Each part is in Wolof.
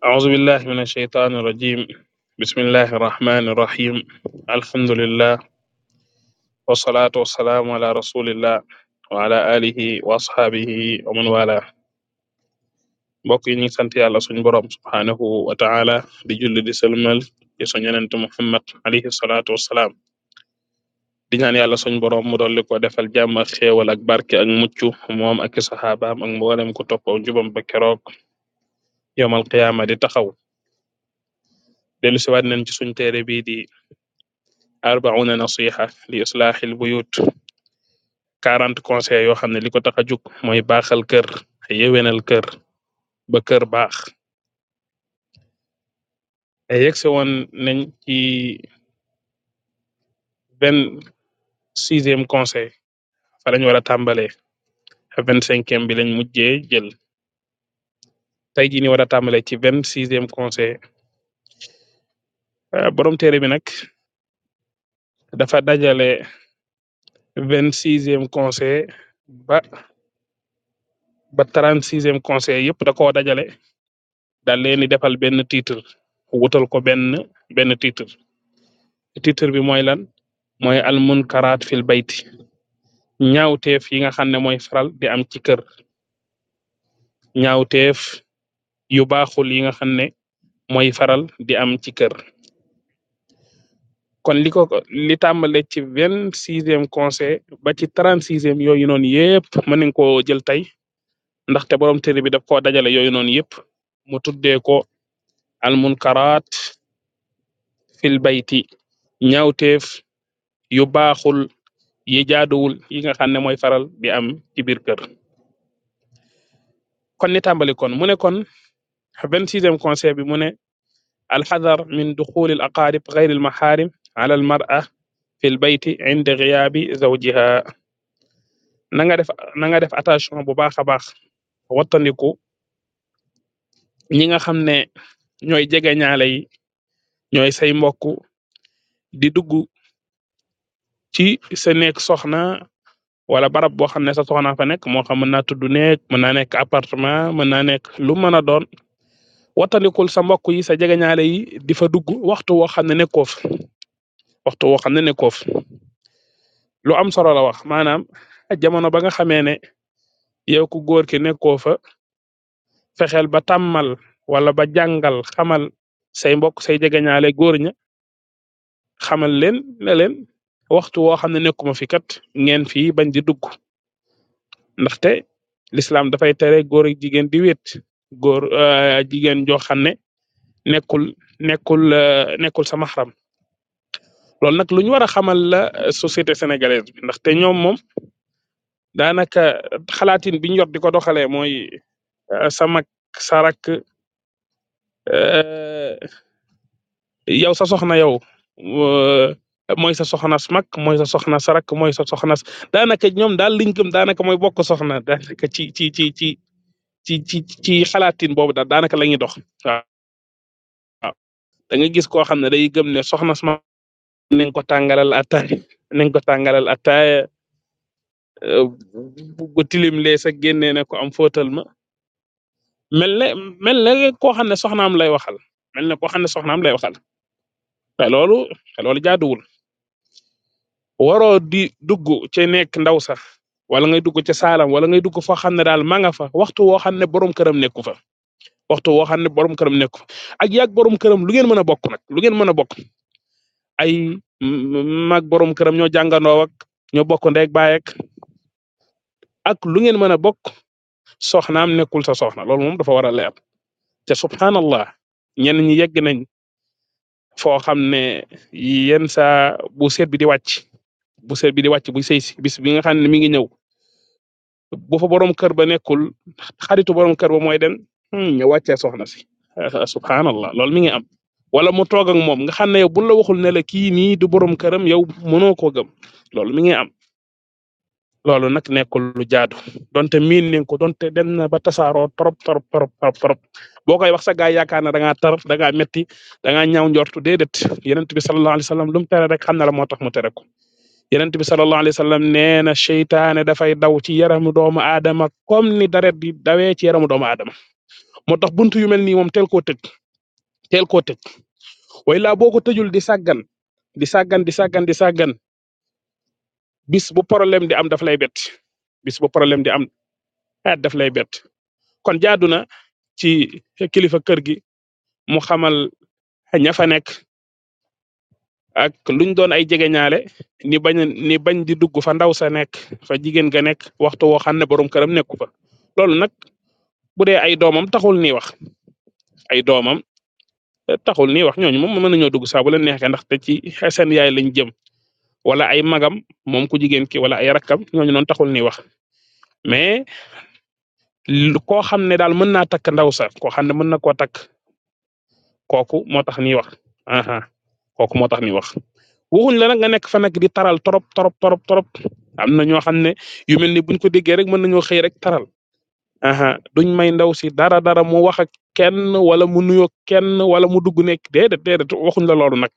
axusubillah min alsheytaan irrajim bismillahi irrahmani irrahim alhamdulilah wasalaatu wasalaamu ala rasulillah wa ala alihi wa asxaabihi wa man wala mbokk yi ñu ngi sant yàlla suñ boroom subhaanahu wa di julli di sëlmal ci suñ yonent Muhammad alayhi salaatu wasalaam di ñaan yàlla suñ borom mu dolli ko defal jàmm ak xéewal ak barke ak mucc moom ak ak mboolem ku topp aw jubam yowmal qiyaama di taxaw dellu siwaat nañ ci suñ teere bi di arbauna nasiha li islaaxil buyut quarante conseil yoo xam ne li ko tax a jug mooy baaxal kër yewenal kër ba kër baax yegse woon ci vingt sixième conseil fa lañ war a tàmbalee vingt cinquième bi lañ mujjee jël tey jii ni war a tàmbale ci vingt sixième conseil ah, borom téere bi nag dafa dajale vingt sixième conseil ba ba trent sixième conseil yëpp da koo dajale daal leen di defal benn titre wutal ko benn benn titre titre bi mooy lan mooy al munkaraat fil bayti ñaawteef yi nga xam ne mooy faral di am ci kër ñaawteef yu baaxul yi nga xam ne mooy faral di am ci kër. Kon li ko tàmbale ci vingt sixième conseil ba ci trente sixième yooyu noonu yépp mën nañ ko jël tey ndaxte borom téere bi daf ko dajale yooyu noonu yépp mu tuddee ko almunkaraat fil bayti ñaawteef yu baaxul yi jaaduwul yi nga xam ne mooy faral di am ci kër kon ni tàmbali 26e conseil bi mu ne alxadar min duxuli al aqarib gayri al maxaarim ala al mar'a fi l bayti inda giyaabi zawjiha nga def na nga def attention bu baax a baax wattandiku ñi nga xam ne ñooy jege yi ñooy say mbokk di dugg ci sa nekk soxna wala barab boo xam ne sa soxna fa nekk moo xam mën naa tudd nekk mën naa nekk appartement mën naa nekk lu mën a doon wattanikul sa mbokk yi sa jegeñaale yi di fa dugg waxtu woo xam ne nekkoo fa waxtu woo xam ne nekkoo lu am solo la wax maanaam jamono ba nga xamee ne yow ku góor ki nekkoo fa fexeel ba tàmmal wala ba jàngal xamal say mbokk say jegeñaale góor ña xamal leen ne leen waxtu woo xam ne nekkuma fi kat ngeen fii bañ di dugg ndaxte lislaam dafay tere góor ak jigéen di wéet góor euh, jigéen joo xam ne nekkul nekkul euh, nekkul sa maxram loolu nag lu ñu war a xamal la euh, société sénégalaise bi ndaxte ñoom moom daanaka xalaatin bi ñu yor di ko doxalee mooy sa mag sa rakk yow sa soxna yow mooy sa soxnas mag mooy sa soxna sa rakk mooy sa soxnas daanaka ñoom daal liñ gëm mooy bokk soxna daanaka ci ci ci ci ci xalaatin boobu daal daanaka la ñuy dox waaw waaw da nga gis koo xam ne day gëm ne soxna sma nañ ko tàngalal ataaya nañ ko tàngalal ataaya euh, bu tilim lee sax génnee ne ko am fóotal ma mel ne mel ne koo xam ne soxnaam lay waxal mel ne koo xam ne soxnaam lay waxal te loolu te nekk ndaw sax wala ngay dugg ca saalam wala ngay dugg foo xam ne daal ma nga fa waxtu woo xam ne borom këram nekku fa waxtu woo xam ne borom këram nekku fa ak yaag borom këram lu ngeen mën a bokk nag lu ngeen mën a bokk ay mag borom këram ñoo jàngandoo ak ñoo bokk ndeeg baay ak lu ngeen mën a bokk soxnaam nekkul sa soxna loolu moom dafa war a leer te subhanallah ñenn ñi yegg nañ foo xam ne yenn saa bu seet bi di wàcc bu seet bi di wàcc bu sëy si bis bi nga xam ne mi ngi ñëw bu fa borom kër ba nekkul xaritu borom kër ba mooy dem hmm, wàccee soxna si ah, subhanallah loolu mi ngi am wala mu toog ak moom nga xam ne yow buñ la waxul ne la kii nii du borom këram yow mënoo koo gëm loolu mi ngi am loolu nag nekkul lu jaadu donte miin nañ ko donte dem na ba tasaaroo trop trop trop trop trop boo koy wax sa gaa yaakaar ne da ngaa tar da ngaa metti da ngaa ñaaw njortu déedéet yonent bi sallallahu alayhi wasallam lu mu tere rek xam na la moo tax mu tere ko Yonent bi sallallahu alayhi wa sallam nee na seytaane dafay daw ci yaramu doomu aadama kom ni deret di dawee ci yaramu doomu aadama moo tax buntu yu mel nii moom teel koo tëj teel koo tëj way laa boo ko tëjul di sàggan di sàggan di sàggan sàggan bis bu problème di am daf lay bett bis bu problème di am ah daf lay bett kon jaadu na ci kilifa kër gi mu xamal ña fa nekk ak luñ doon ay jegeñaale ni bañ ni bañ di dugg fa ndaw sa nekk fa jigéen ga nekk waxtu woo xam ne borom këram nekku fa loolu nag bu ay doomam taxul nii wax ay doomam taxul nii wax ñooñu moom mën nañoo dugg saa bu neexee ndax te ci seen yaay lañ jëm wala ay magam moom ku jigéen ki wala ay rakkam ñooñu noonu taxul nii wax mais koo xam ne daal mën naa takk ndaw sa koo xam ne mën na koo takk kooku moo tax nii wax aha kooku moo tax mi wax waxuñ la nag nga nekk fa nag di taral trop trop trop trop am na ñoo xam ne yu mel ni buñ ko déggee rek mën nañoo xëy rek taral aha duñ may ndaw si dara dara mu wax ak kenn wala mu nuyo kenn wala mu dugg nekk déedéet déedéet waxuñ la loolu nag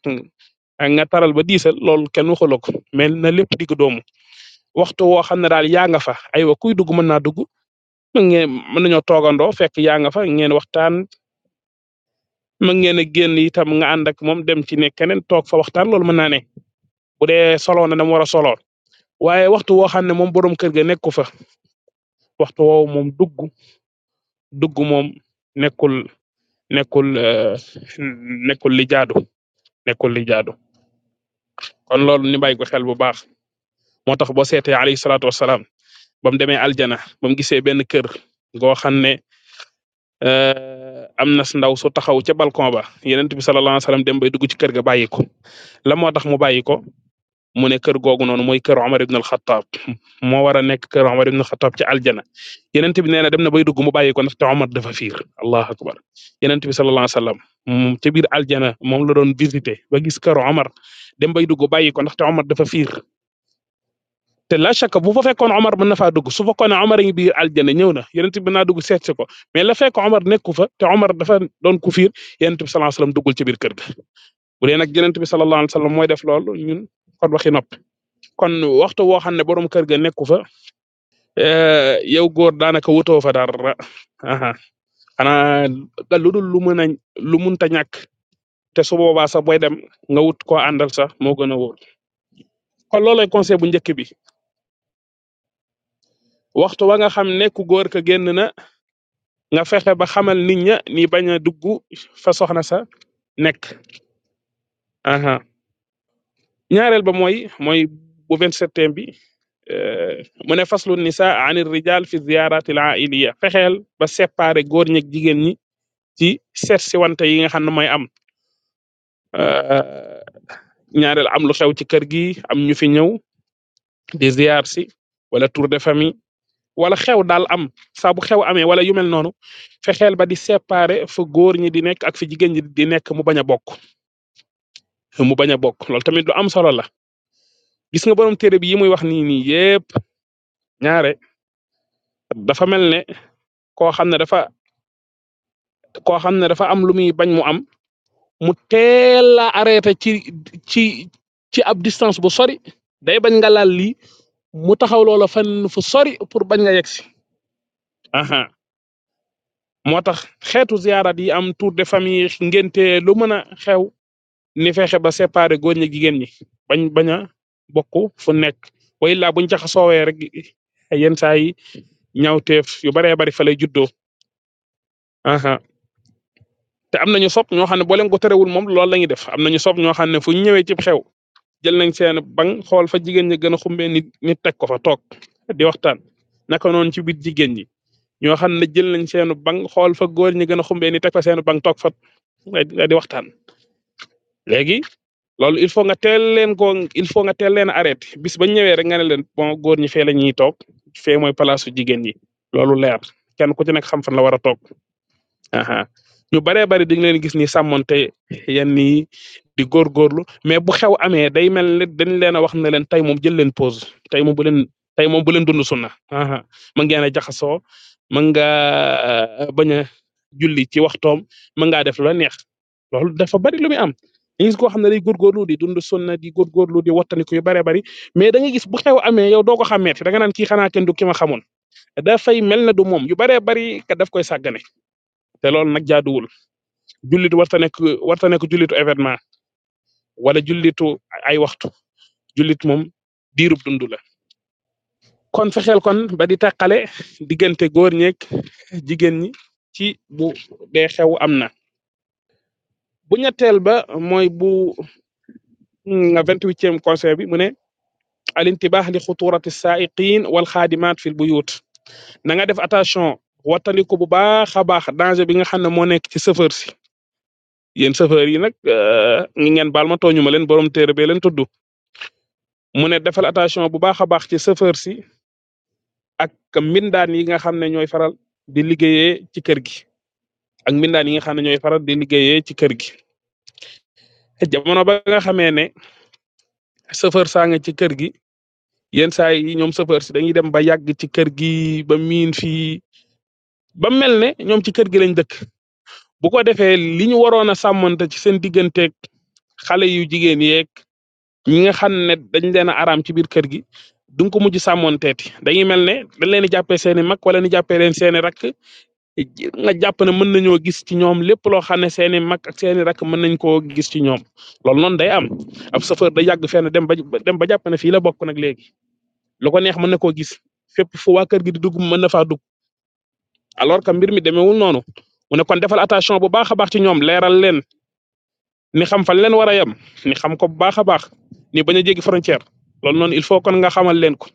nga taral ba diisal lol kenn waxaloo ko mais na lépp digg doomu waxtu woo xam ne daal yaa nga fa aywa kuy dugg mën naa dugg ngeen mën nañoo toogandoo fekk fa ngeen waxtaan mën ngeen a génn itam nga ànd ak moom dem ci ne keneen toog fa waxtaan loolu mën naa ne bu dee soloo na dama war a soloo waaye waxtu woo xam ne moom borom kër ga nekku fa waxtu woowu moom dugg dugg moom nekkul nekkul eh, nekkul li jaadu nekkul li jaadu kon loolu ni bàyyi ko xel bu baax moo tax boo seetee alayhi salaatu wasalaam ba demee aljana ba mu gisee benn kër goo xam ne. Euh, am na ndaw su taxaw ca balcon ba yonent bi sallallahu alayhi wasallam dem bay dugg ci kër ga bàyyi ko la moo tax mu bàyyi ko mu ne kër googu noonu mooy kër Omar ibn al-Khattab moo war a nekk kër Omar ibn al-Khattab ci aljana yonent bi nee na dem na bay dugg mu bàyyi ko ndaxte Omar dafa fiir allahu akbar yonent bi sallallahu alayhi wasallam moom ca biir aljana moom la doon visité ba gis kër Omar dem bay dugg ndaxte Omar dafa fiir te la chaque bu fa fekkoon Omar mën na faa dugg su fekkoon ne Omar a ngi biir aljana ñëw na yonent bi naa dugg ko mais la fekk Omar nekku fa te Omar dafa doon ku fiir yonent bi sallallahu alayhi wasallam duggul ci biir kër ga bu dee nag yonent bi sallallahu mooy def loolu ñun kon waxi nopp kon waxtu woo xam ne borom kër ga nekku fa eh, yow góor daanaka wutoo fa dara xanaa lu dul lu mën a lu munta ñàkk te su boobaa sax booy dem nga wut koo àndal sax moo gën a wóor kon loolooy conseil bu bi waxtu wa nga xam ne ku góor ka génn na nga fexe ba xamal nit ña ni bañ a dugg fa soxna sa nekk aha ñaareel ba mooy mooy bu 27e bi eh, mu ne faslu nisa anir rijal fi ziyarat al ailiya fexeel ba séparé góor ñeeg jigéen ñi ci seet si yi nga xam ne mooy am eh, ñaareel am lu xew ci kër gi am ñu fi ñëw di ziyaar si wala tour de famille wala xew daal am saa bu xew amee wala yu mel noonu fexeel ba di séparer fa góor ñi di nekk ak fi jigéen ñi nekk mu bañ a bokk mu bañ a bokk loolu tamit lu am solo la gis nga borom téere bi yi muy wax nii nii yépp ñaare dafa mel ne koo xam ne dafa koo xam ne dafa am lu muy bañ mu am mu teel a ci ci ci ab distance bu sori day bañ nga laal lii mu taxaw loola fenn fu sori pour bañ nga yegg si aha moo tax xeetu ziyaaraat yi am tout de famille ngénte lu mën a xew ni fexe ba séparer góor ñi jigéen ñi bañ bañ a bokk fu nekk way laa buñ jaxa soowee rek yenn saa yi ñaawteef yu baree bari fa lay juddoo aha te am nañu sopp ñoo xam ne boo leen ko terewul moom loolu la def am nañu sopp ñoo xam ne fu ñëwee cib xew jël nañ seen bang xool fa jigéen ñi gën a xumbee nit nit teg ko fa toog di waxtaan naka noonu ci biir jigéen ñi ñoo xam ne jël nañ seenu bang xool fa góor ñi gën a xumbee nit teg fa seenu bang toog fa eh, di waxtaan léegi loolu il faut nga teel leen ko il faut nga teel leen arrêté bis ba ñëwee rek nga ne leen bon góor ñi fee la ñuy toog fee mooy palaasu jigéen ñi loolu leer kenn ku ci nekk xam fa la war a toog aha ñu baree bari dañ leen gis ni sàmmonte yenn yi di góorgóorlu mais bu xew amee day mel ni dañ leen a wax ne leen tey moom jël leen pause tey moom bu leen tey moom bu leen dund sunna mën ngeen a jaxasoo mën nga euh, bañ a julli ci waxtoom mën ngaa def la neex loolu dafa bari lu muy am dañu gis koo xam ne day góorgóorlu di dund sunna di góorgóorlu di wattaniku yu baree bari mais da nga gis bu xew amee yow doo ko xàmmeeti da nga naan kii xanaa kenn du ki ma xamoon dafay mel na du moom yu baree bari ka daf koy sàggane te loolu nag jaaduwul julit warta nekk warta nekk jullitu événement wala jullitu ay waxtu jullit moom diirub dund la kon fexeel kon ba di tàqale diggante góor ñeeg jigéen ñi ci bu dee xew am na bu ñetteel ba mooy bu nga vingt-huitième conseil bi mu ne al intibah li xuturati saiqin wal xaadimat fil buyut na nga def attention wattaliku bu baax a baax danger bi nga xam ne moo nekk ci chauffeur si yéen chauffeur yi nag ñi euh, ngeen baal ma tooñu ma leen borom téere bee leen tudd mu ne defal attention bu baax a baax ci chauffeur si ak mbindaan yi nga xam ne ñooy faral di liggéeyee ci kër gi ak mbindaan yi nga xam ne ñooy faral di liggéeyee ci kër gi jamono ba nga xamee ne chauffeur saa nga ci kër gi yenn saa yi ñoom chauffeur si dañuy dem ba yàgg ci kër gi ba miin fii ba mel ne ñoom ci kër gi lañ dëkk bu ko defee li ñu waroon a sàmmante ci seen digganteeg xale yu jigéen yeeg ñi nga xam ne dañ leen a araam ci biir kër gi duñ ko mujj sàmmanteeti dañuy mel ne dañ leen di jàppee seeni mag wala ni jàppee leen seeni rakk nga jàpp ne mën nañoo gis ci ñoom lépp loo xam ne seeni mag ak seeni rakk mën nañ koo gis ci ñoom loolu noonu day am ab chauffeur da yàgg fenn dem ba dem ba jàpp ne fii la bokk nag léegi lu ko neex mën na koo gis fépp fu waa kër gi di dugg mën na faa dugg alors que mbir mi demeewul noonu mu ne kon defal attention bu baax a baax ci ñoom leeral leen ni xam fan leen war a yem ni xam ko bu baax a baax ni bañ a jéggi frontière loolu noonu il faut kon nga xamal leen ko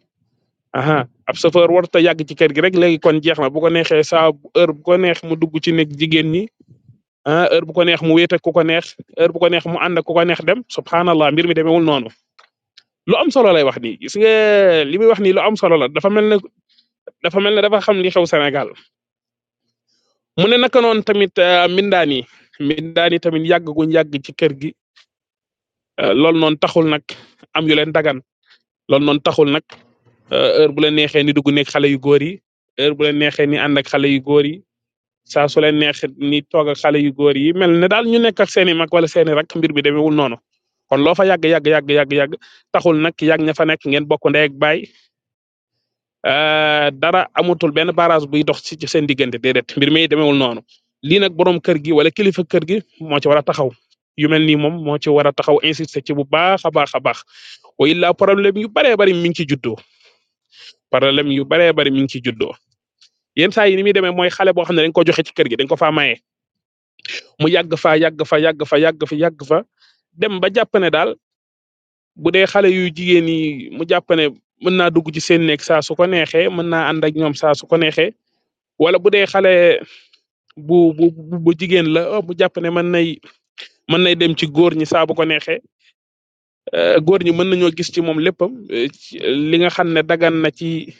aha ab chauffeur warut a yàgg ci kër gi rek léegi kon jeex na bu ko neexee saa heure bu ko neex mu dugg ci nekk jigéen ñi ah heure bu ko neex mu wéet ak ku ko neex heure bu ko neex mu ànd ak ko neex dem subhanallah mbir mi demeewul noonu lu am solo lay wax nii gis nga li wax nii lu am solo la dafa mel ne dafa mel ne dafa xam li xew Sénégal mu ne naka noonu tamit euh, mbindaan yi mbindaan yi tamit yàgg guñ yàgg ci kër gi euh, loolu noonu taxul nag am yu leen dagan loolu noonu taxul nag euh, heure bu leen neexee ni dugg nekk xale yu góor yi heure bu leen neexee ni ànd ak xale yu góor yi saa su leen neex ni toog ak xale yu góor yi mel ne daal ñu nekk ak seeni mag wala seeni rek mbir bi demewul noonu kon loo fa yàgg yàgg yàgg yàgg yàgg taxul nag yàgg ña fa nekk ngeen bokk ndey ak a euh, dara amutul benn barrage buy dox ci seen diggante déedéet mbir mi demeewul noonu lii nag borom kër gi wala kilifa kër gi moo ci war a taxaw yu mel nii moom moo ci war a taxaw insister ci bu baax a baax a baax wa illaa problème yu baree bari mi ngi ci juddoo problème yu baree bari mi ngi ci juddoo yenn saa yi ni muy demee mooy xale boo xam ne dañ ko joxe ci kër gi dañ ko faa maye mu yàgg fa yàgg fa yàgg fa yàgg fa yàgg fa dem ba jàpp ne daal bu dee xale yu jigéen yi mu jàpp mën naa dugg ci seen néeg saa su ko neexee mën naa ànd ak ñoom saa su ko neexee wala bu dee xale bu bu bu jigéen la bu oh, jàpp ne mën nay mën nay dem ci góor ñi saa bu ko neexee eh, góor ñi mën nañoo gis ci moom léppam eh, li nga xam ne dagan na ci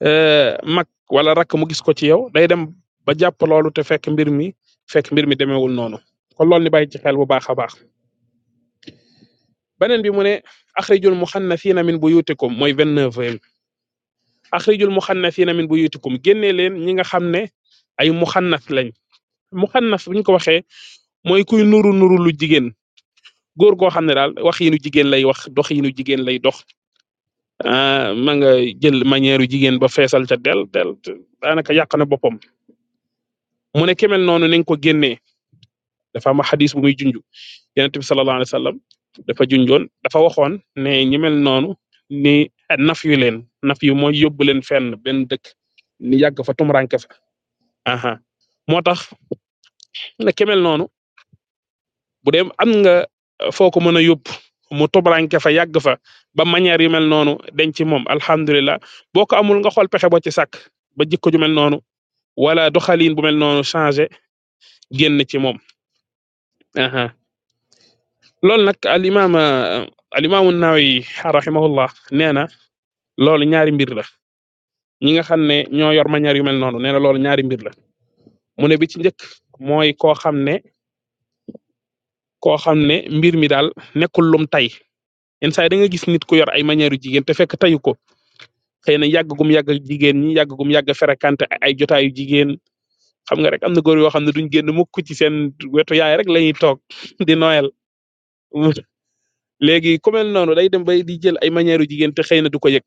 eh, mak wala rak mu gis ko ci yow day dem ba jàpp loolu te fekk mbir mi fekk mbir mi demeewul noonu kon loolu ni bàyyi ci xel bu baax a baax. beneen bi mu ne axrijul muxannasiina min buyutikum mooy vingt neuf bi axrijul muxannasiina min buyutikum génne leen ñi nga xam ne ay muxannas lañ muxannas bu ñu ko waxee mooy kuy nuru nuru lu jigéen góor goo xam ne daal wax yi nu jigéen lay wax dox yi nu jigéen lay dox ah, ma nga jël manière yu jigéen ba feesal ca del del daanaka yàq na boppam mu ne kemel noonu nañ ko génnee dafa am xadis bu muy junj yonent bi sallallahu dafa junjoon dafa waxoon ne ñi mel noonu ni a yu leen naf yu mooy yóbbu leen fenn benn dëkk ni yàgg fa tumuranke fa aha moo tax ne kemel noonu bu dee am nga foo ko mën a yóbbu mu tumuranke fa yàgg fa ba manière yu mel noonu denc moom alhamdulilah boo ko amul nga xool pexe boo ci sàkk ba jikko ju mel noonu wala doxalin bu mel noonu changé génn ci moom aha loolu nag al imaam al imaamu Nawawi rahimahullah nee na loolu ñaari mbir la ñi nga xam ne ñoo yor manière yu mel noonu nee na loolu ñaari mbir la mu ne bi ci njëkk mooy koo xam ne koo xam ne mbir mi daal nekkul lum tay yenn saa da nga gis nit ku yor ay manière yu jigéen te fekk tayu ko xëy na yàgg gum yàgg jigéen ñi yàgg gum yàgg fréquenté ay jotaayu jigéen xam nga rek am na góor yoo xam ne duñ génn mukk ci seen wetu yaay rek lañuy toog di noyal léegi ku mel noonu day dem bay di ay manière yu te xëy na du ko yëg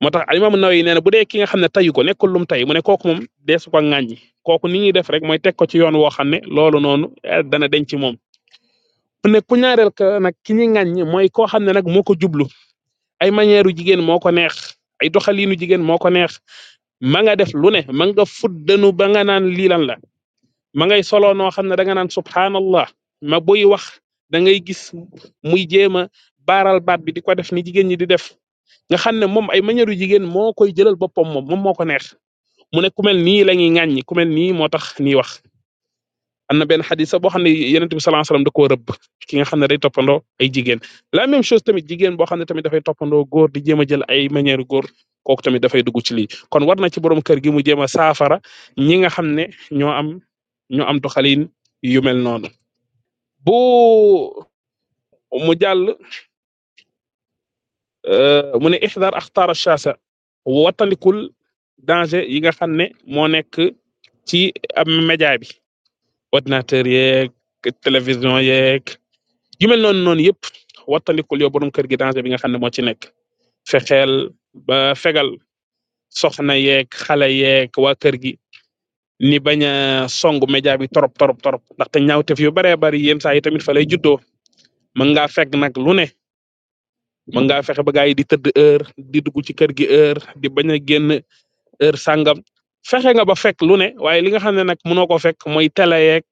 moo tax Imam Nawawi nee na bu dee ki nga xam ne tayu ko nekkul lum tay mu ne kooku moom deesu ko ŋàññi kooku ni ñuy def rek mooy teg ko ci yoon woo xam ne loolu noonu eh, dana denc ci moom mu ne ku ñaareel ka nag ki ñuy ŋàññi mooy koo xam ne nag moo ko jublu ay manière yu jigéen moo ko neex ay doxaliinu jigéen moo ko neex ma nga def lu ne ma nga fuddanu ba nga naan lii la ma ngay solo noo xam subhanallah ma buy wax da ngay gis muy jéem a baaral baat bi di ko def ni jigéen ñi di def nga xam ne moom ay manière yu jigéen moo koy jëlal boppam moom moom moo ko neex mu ne ku mel nii la ñuy ŋàññi ku mel nii moo tax nii wax am na benn xadis boo xam ne yonent bi sallallahu alayhi da koo rëbb ki nga xam ne day toppandoo ay jigéen la même chose tamit jigéen boo xam ne tamit dafay toppandoo góor di jéem a jël ay manière góor kooku tamit dafay dugg ci lii kon war na ci borom kër gi mu jéem a saafara ñi nga xam ne ñoo am ñoo am doxalin yu mel noonu. bu mu jàll euh, mu ne ixdar axtaar achaasa wattalikul danger yi nga xam ne moo nekk ci ab média bi ordinateur yeeg télévision yeeg yu mel noonu noonu yëpp wattalikul yow borom kër gi danger bi nga xam ne moo ci nekk fexeel ba fegal soxna yeeg xale yeeg waa kër gi ni bañ a song média bi torop torop torop ndaxte ñaawteef yu baree bari yenn saa yi tamit fa lay juddoo mën ngaa fekk nag lu ne mën ngaa fexe ba gars yi di tëdd heure di dugg ci kër gi heure di bañ a génn heure sangam fexe nga ba fekk lu ne waaye li nga xam ne nag mënoo ko fekk mooy télé yeeg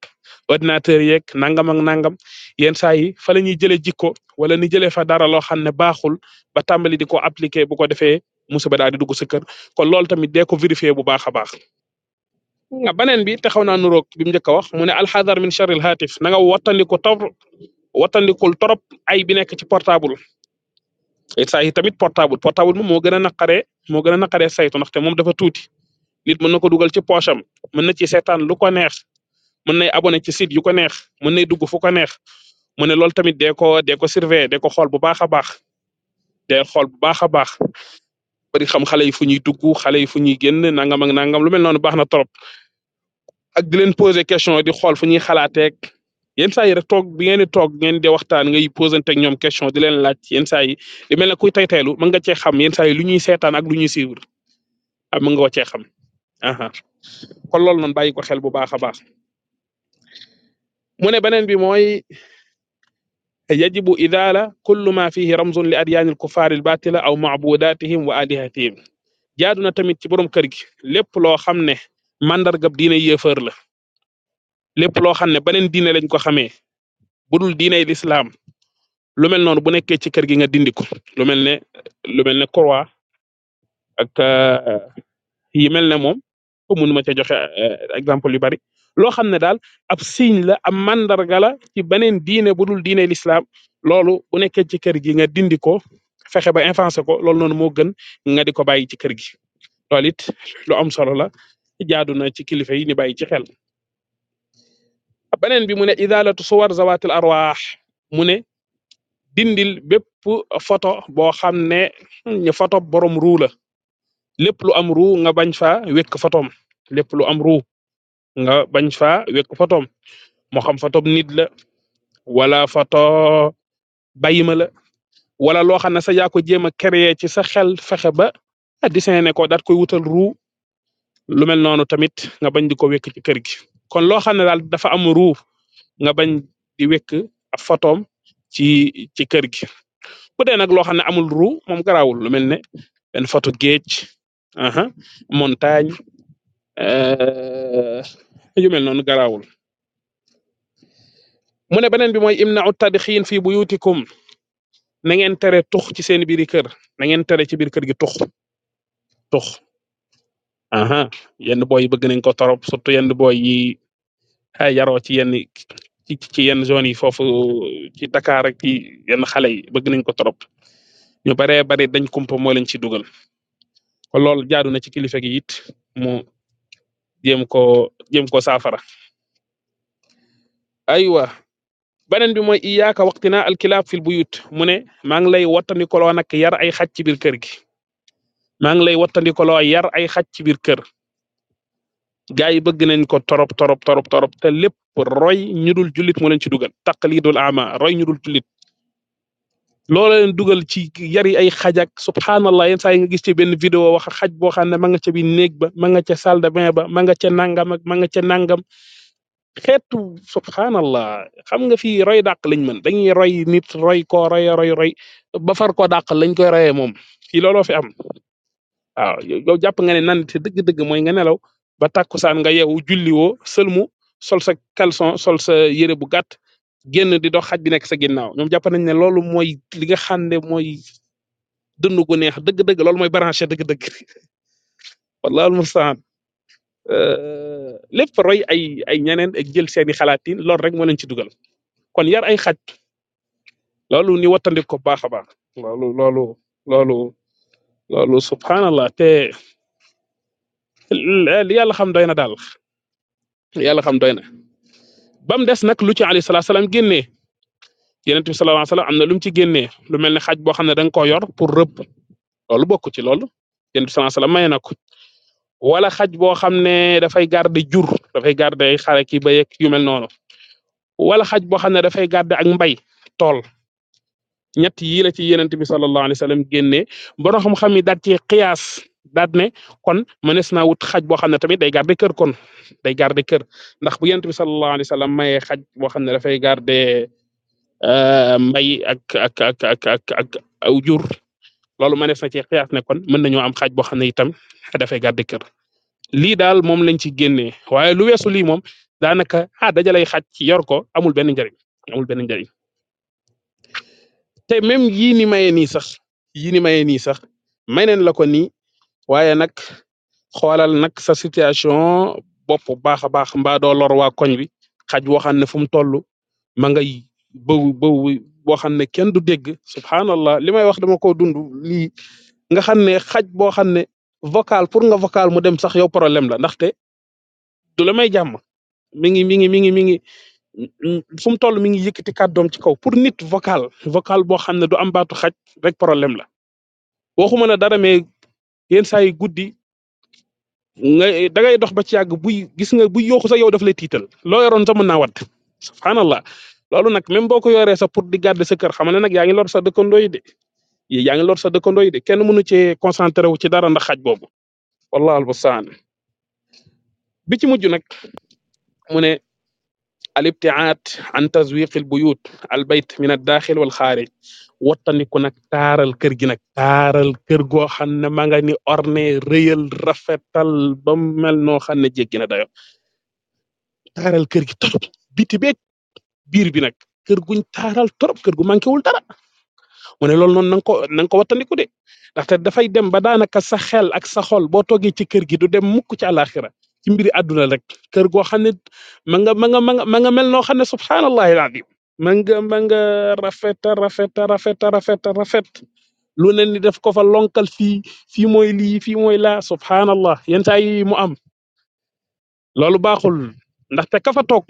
ordinateur yeeg nangam ak nangam yenn saa yi fa la ñuy jëlee jikko wala ni jëlee fa dara loo xam ne baaxul ba tàmbali di ko appliquer bu ko defee musiba daal di dugg sa kër kon loolu tamit dee ko vérifier bu baax a baax. nga ah, beneen bi te xaw naa nuroog bi mu njëkk a wax mu ne alxadar min charri l haatif na nga wattandiku tor wattandikul torop ay bi nekk ci portable et tamit portable portable moom moo gën a naqaree moo gën a naqaree saytu ndaxte moom dafa tuuti nit mën na ko dugal ci poche am mën na ci seetaan lu ko neex mën nay abonné ci site yu ko neex mën nay dugg fu ko neex mu ne loolu tamit dee ko dee ko surveiller dee ko xool bu baax a baax dee xool bu baax a baax bari xam xale yi fu ñuy dugg xale yi fu ñuy génn nangam ak nangam lu mel noonu baax na trop ak di leen poser question di xool fu ñuy xalaateeg yenn saa yi rek toog bi ngeen toog ngeen di waxtaan ngay posante ak ñoom question di leen laaj yenn saa yi di mel ne kuy taytaylu mën nga cee xam yenn saa yi lu ñuy seetaan ak lu ñuy suivre ah mën cee xam aha kon loolu noonu bàyyi ko xel bu baax a baax mu ne beneen bi mooy yajibu idaala kullu ma fihi ramzun li adyaani alkufaar albatila aw maabudatihim wa alihatihim jaadu na tamit ci borom kër gi lépp loo xam ne màndargab diine yéefar la lépp loo xam ne beneen diine lañ ko xamee budul diiney lislaam lu mel noonu bu nekkee ci kër gi nga dindi ko lu mel ne lu mel ne croix ak euh, yi mel ne moom ko mënuma ca joxe euh, exemple yu bari loo xam ne daal ab signe la ab mandarga la ci beneen diine bu dul diine lislaam loolu bu nekkee ci kër gi nga dindi ko fexe ba influencé ko loolu noonu moo gën nga di ko bàyyi ci kër gi loolu it am solo la jaadu na ci kilifa yi ni bàyyi ci xel beneen bi mu ne idaalatu suwar zawatil arwaax mu ne dindil bépp boo xam ne foto borom ruu la lépp lu am ruu nga bañ fa wekk photom lépp lu am ruu nga bañ fa moo xam photo nit la wala photo bayima la wala loo xam ne sa yaa ko jéem a créer ci sa xel fexe ba dessiné ko daat wutal ruu lu mel noonu tamit nga bañ di ko wekk ci kër gi kon loo xam ne daal dafa am ruu nga bañ di wekk ab fotoom ci ci kër gi bu nag loo xam ne amul ruu moom garaawul lu mel ne benn foto géej aha montagne euh yu mel noonu garaawul mu ne beneen bi mooy imna'u tadxiin fi buyutikum na ngeen tere tux ci seen biiri kër na ngeen tere ci biir kër gi tux tux aha yenn boy yi bëgg nañ ko torop surtout yenn boy yi ay yaroo ci yenn ci ci yenn zone yi foofu ci Dakar ak ci yenn xale yi bëgg nañ ko torop ñu baree bare dañ kumpa moo leen ci dugal ko loolu jaadu na ci kilifa gi it mu jéem ko jéem ko saafara aywa beneen bi mooy iyaaka waqtina alkilaab fil buyut mu ne maa ngi lay wattani koloo nag yar ay xaj ci biir kër gi maa ngi lay wattandikoloo yar ay xaj ci biir kër gaa yi bëgg nañ ko torop torop torop torop lépp roy ñudul dul jullit moo ci dugal taqlidul ama roy ñu dul jullit loola dugal ci yari ay xaj ak subhanallah yenn sax yi nga gis ci benn vidéo wax xaj boo xam ne ma nga ca bi néeg ba ma nga ca salle de ba ma nga ca nangam ak ma nga nangam xeetu subhanallah xam nga fii roy dàq lañ mën dañuy roy nit roy ko roy roy ba far ko dàq lañ koy royee moom fii looloo fi am waaw yow jàpp nga ne naan te dëgg-dëgg mooy nga nelaw ba tàkkusaan nga yeewu julliwoo sëlmu sol sa caleçon sol sa yére bu gàtt génn di dox xaj bi nekk sa ginnaaw ñoom jàpp nañ ne loolu mooy li nga xam ne mooy dund gu neex dëgg-dëgg loolu mooy branché dëgg-dëgg wallaahi almustaan lépp roy ay ay ñeneen ak jël seeni xalaatin loolu rek moo leen ci dugal kon yar ay xaj loolu ni wattandi ko baax a baax loolu subhanallah te li yàlla xam doy na daal li yàlla xam doy na ba mu des nag lu ci alayhi salaatu salaam génnee yonent bi sallallahu am na lu mu génnee lu mel ne xaj xam ne da nga koo yor pour rëbb loolu bokk ci loolu yonent bi sallallahu may na ko wala xaj boo xam ne dafay garder jur dafay garder xare ki ba yeeg yu mel noonu wala xaj boo xam ne dafay garder ak mbay tool ñett yii la ci yenent bi sallallahu alayhi wa sallam génnee borom xam-xam daal ci qiyaas daal ne kon mënees naa wut xaj boo xam ne tamit day garder kër kon day garder kër ndax bu yenent bi sallallahu alayhi wa sallam xaj boo xam ne dafay garder euh, mbay ak ak ak ak jur loolu mënees na ci qiyaas ne kon mën nañoo am xaj boo xam ne itam dafay garder kër lii daal moom lañ ci génnee waaye lu weesu lii moom daanaka ah dajalay xaj yor ko amul benn njariñ amul benn njariñ te même yii ni maye nii sax yii ni maye nii sax may nañ la ko nii waaye nag xoolal nag sa situation bop bu baax a baax mbaa doo waa koñ bi xaj boo xam ne fu mu toll ma ngay bëw bëw boo xam ne kenn du dégg subhanallah li may wax dama koo dund lii nga xam ne xaj boo xam ne vocal pour nga vocal mu dem sax yow problème la ndaxte du la may jàmm mi ngi fu mu toll mi ngi yëkkati kàddoom ci kaw pour nit vocal vocal boo xam ne du am baatu xaj rek problème la waxuma na dara mais yenn saa yi guddi nga da dox ba ci yàgg buy gis nga buy yooxu sa yow daf lay tiital loo yoroon sa mën naa wadd subhanallah loolu nag même boo ko yoree sa pour di garder sa kër ne nag yaa ngi lor sa dëkkandoo de yaa ngi lor sa dëkkandoo yi de kenn mënu cee concentré wu ci dara ndax xaj boobu wallahu albusaan bi ci mujj nag alibtiaat an tazwiq al buyut al bayt min al daaxil wal xaarij wottandiku nag taaral kër gi nag taaral kër goo xam ne maa nga ni orne rëyal rafetal ba mel noo xam ne jéggi na dayo kër gi torop biti beeg biir bi nag kër guñ taaral torop kër gu manqué wul dara mu ne loolu noonu na ko na nga ko wattandiku de ndaxte dafay dem ba daanaka sa xel ak sa xol boo toogee ci kër gi du dem mukk ci àllaaxira ci mbiri àdduna rek kër goo xam ne ma nga ma nga ma nga mel noo xam ne subhaanallahi alazim ma nga ma nga rafet a rafet a rafet a rafet a rafet lu ne ni def ko fa lonkal fii fii mooy lii fii mooy laa subhaanallah yenn saa yi mu am loolu baaxul ndaxte ka fa toog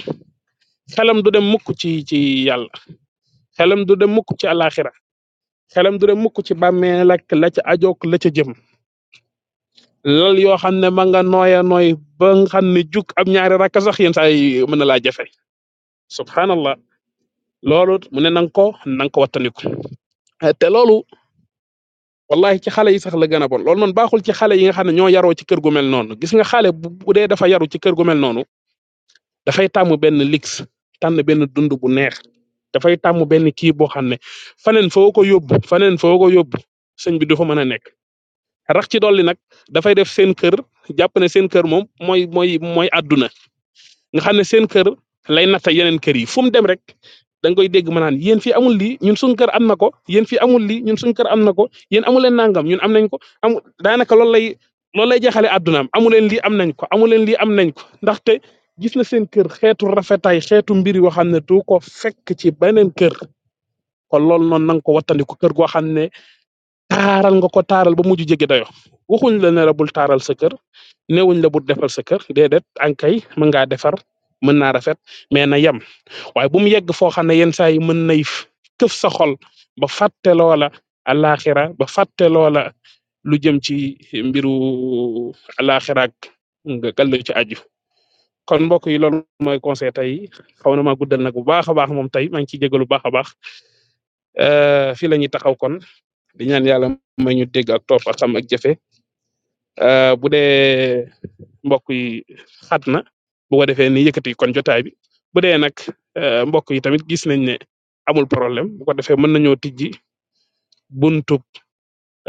xelam du dem mukk ci ci yàlla xelam du dem mukk ci alaxira xelam du dem mukk ci bàmmeel ak la ca ajook la ca jëm lal yoo xam ne ma nga nooy ba nga xam ne jug ab ñaari rakka sax yenn saa yi mën na laa jafe subhanallah loolu mu ne na nga ko na ko wattandiku te loolu wallahi ci xale yi sax la gën a bon loolu noonu baaxul ci xale yi ga xam ne ñoo yaroo ci kër gu mel noonu gis nga xale bu bu dee dafa yaru ci kër gu mel noonu dafay tàmm benn lix tànn benn dund bu neex dafay tàmm benn kii boo xam ne faneen foo ko yóbbu faneen foo ko yóbbu sëñ bi du fa mën a nekk rax ci dolli nag dafay def seen kër jàpp ne seen kër moom mooy mooy mooy àdduna nga xam ne seen kër lay natta yeneen kër yi fu mu dem rek da nga koy dégg ma naan yéen fii amul lii ñun suñ kër am na ko yéen fii amul lii ñun suñ kër am na ko yéen amu leen nangam ñun am nañ ko amu daanaka loolu lay loolu lay jeexalee àddunaam amu leen lii am nañ ko amu leen lii am nañ ko ndaxte gis na seen kër xeetu rafetaay xeetu mbir yoo xam ne du ko fekk ci beneen kër kon loolu noonu na nga ko wattandiku kër goo xam ne taaral nga ko taaral ba mujj jege dayo waxuñ la ne la bul taaral sa kër newuñ la bul defal sa kër déedéet ankay mën ngaa defar mën naa rafet mais na yem waaye bu mu yegg foo xam ne yenn saa yi mën nay këf sa xol ba fàtte loola alaxira ba fàtte loola lu jëm ci mbiru alaxira ak nga gàll ci aju kon mbokk yi loolu mooy conseil tey xaw na ma guddal nag bu baax a baax moom tey maa ngi ciy jégalu bu baax a baax euh, fii la taxaw kon di ñaan yàlla may ñu dégg ak topp ak xam ak jafe euh, bu dee mbokk yi xat na bu ko defee ni kon jotaay bi bu dee nag euh, mbokk yi tamit gis nañ ne amul problème bu ko defee mën nañoo tijji buntub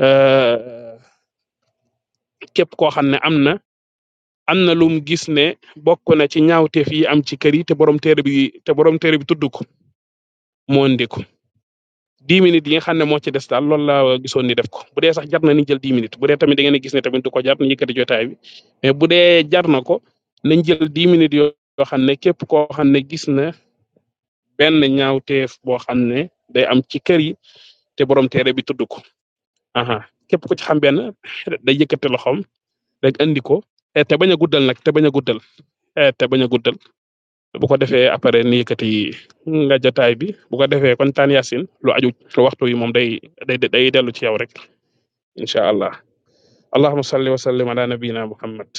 euh, képp koo xam ne am na am na lum gis ne bokk na ci ñaawteef yi am ci kër yi te borom téere bi te borom téere bi tudd ko moo ndiku dix minutes yi nga xam ne moo ci des daal la gisoon ni def ko bu dee sax jar na ni jël dix minutes bu dee tamit da ngeen gis ne tamit du ko jar na yëkkati jotaay bi mais bu dee jar na ko nañ jël dix minutes yoo xam ne képp koo xam ne gis na benn ñaawteef boo xam ne day am ci kër yi te borom teere bi tudd ko aha képp ku ci xam benn day yëkkati loxoom rek andi ko eh, te bañ a guddal nag te bañ a guddal eh, bu ko defee après ni yëkkati nga jotaay bi bu ko defee kon taan yasin lu aju waxtu yi moom day day day dellu ci yow rek incha allah allahuma salli wa sallim ala nabiyina muhammad